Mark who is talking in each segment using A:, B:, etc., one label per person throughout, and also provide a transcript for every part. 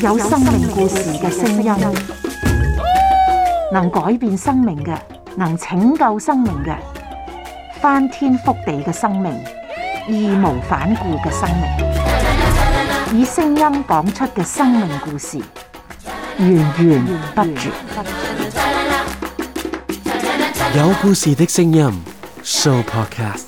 A: 有生命故事嘅聲音，能改變生命嘅，能拯救生命嘅，翻天覆地嘅生命，義無反顧嘅生命，以聲音講出嘅生命故事，
B: 源源不絕。有故事嘅聲音，Show Podcast。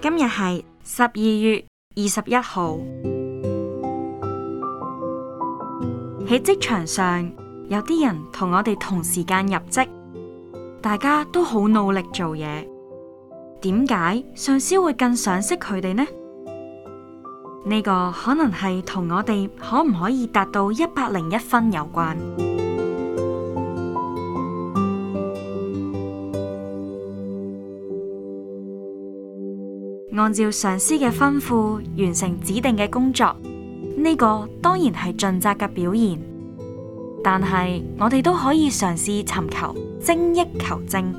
A: 今日係十二月二十一號。喺職場上，有啲人同我哋同時間入職，大家都好努力做嘢。點解上司會更賞識佢哋呢？呢個可能係同我哋可唔可以達到一百零一分有關。按照上司嘅吩咐完成指定嘅工作，呢個當然係盡責嘅表現。但係我哋都可以嘗試尋求精益求精、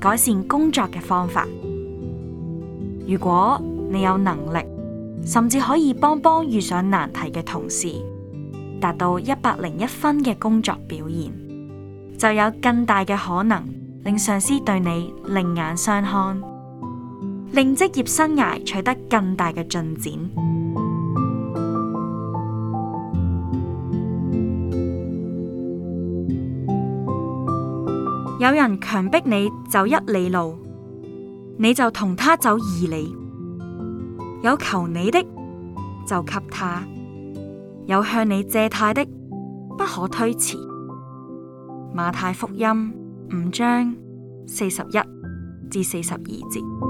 A: 改善工作嘅方法。如果你有能力，甚至可以幫幫遇上難題嘅同事，達到一百零一分嘅工作表現，就有更大嘅可能令上司對你另眼相看。令職業生涯取得更大嘅進展。有人強迫你走一里路，你就同他走二里。有求你的，就給他；有向你借貸的，不可推辭。馬太福音五章四十一至四十二節。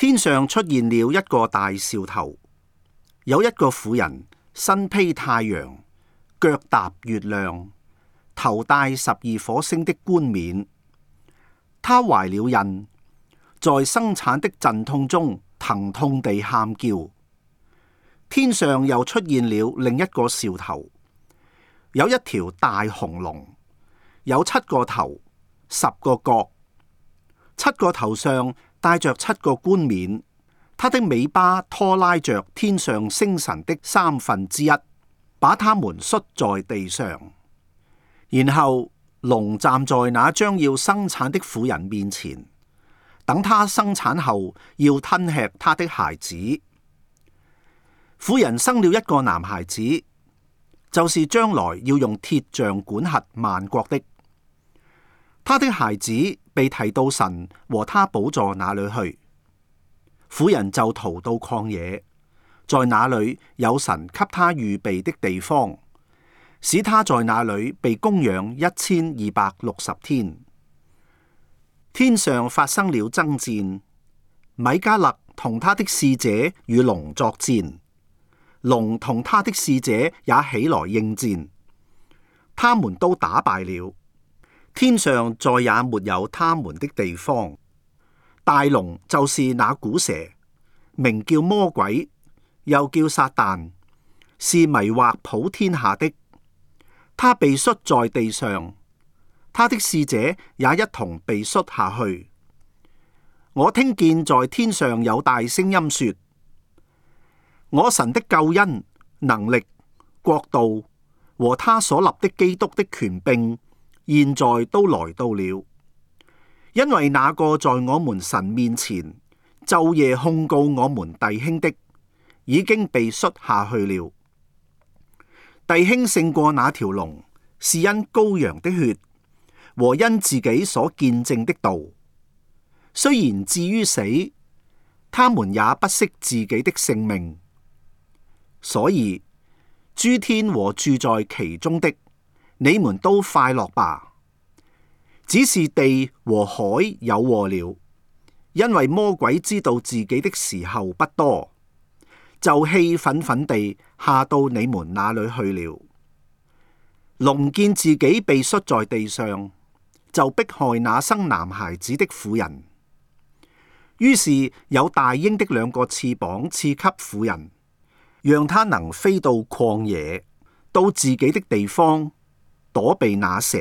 C: 天上出現了一個大兆頭，有一個婦人身披太陽，腳踏月亮，頭戴十二火星的冠冕，她懷了孕，在生產的陣痛中疼痛地喊叫。天上又出現了另一個兆頭，有一條大紅龍，有七個頭，十個角，七個頭上，帶着七個冠冕，他的尾巴拖拉着天上星辰的三分之一，把他們摔在地上。然後，龍站在那將要生產的婦人面前，等他生產後要吞吃他的孩子。婦人生了一個男孩子，就是將來要用鐵杖管轄萬國的。他的孩子被提到神和他寶座那裏去，婦人就逃到曠野，在那裏有神給他預備的地方，使他在那裏被供養一千二百六十天。天上發生了爭戰，米迦勒同他的使者與龍作戰，龍同他的使者也起來應戰，他們都打敗了。天上再也沒有他們的地方。大龍就是那古蛇，名叫魔鬼，又叫撒旦，是迷惑普天下的。他被摔在地上，他的使者也一同被摔下去。我聽見在天上有大聲音說：我神的救恩、能力、國度和他所立的基督的權柄。現在都來到了，因為那個在我們神面前晝夜控告我們弟兄的，已經被摔下去了。弟兄勝過那條龍，是因羔羊的血和因自己所見證的道。雖然至於死，他們也不惜自己的性命。所以諸天和住在其中的。你們都快樂吧，只是地和海有禍了，因為魔鬼知道自己的時候不多，就氣憤憤地下到你們那裏去了。龍見自己被摔在地上，就迫害那生男孩子的婦人。於是有大鷹的兩個翅膀賜給婦人，讓她能飛到曠野，到自己的地方。躲避那蛇，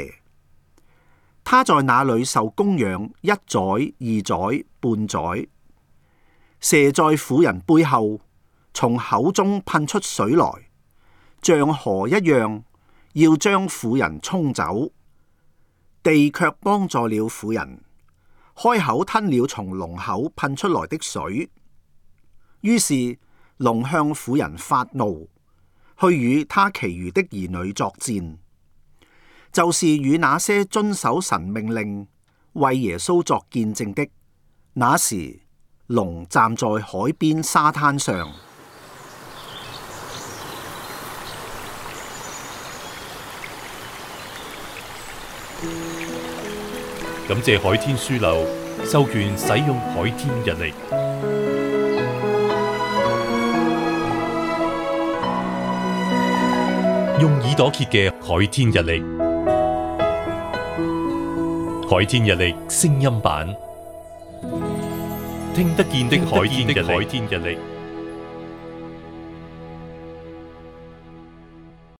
C: 他在那裏受供養一載、二載、半載。蛇在婦人背後，從口中噴出水來，像河一樣，要將婦人沖走。地卻幫助了婦人，開口吞了從龍口噴出來的水。於是龍向婦人發怒，去與他其餘的兒女作戰。就是與那些遵守神命令、為耶穌作見證的。那時，龍站在海邊沙灘上。
B: 感謝海天書樓授權使用海天日曆，用耳朵揭嘅海天日曆。海天日曆聲音版，聽得見的，聽得見的海天日曆。海天日曆。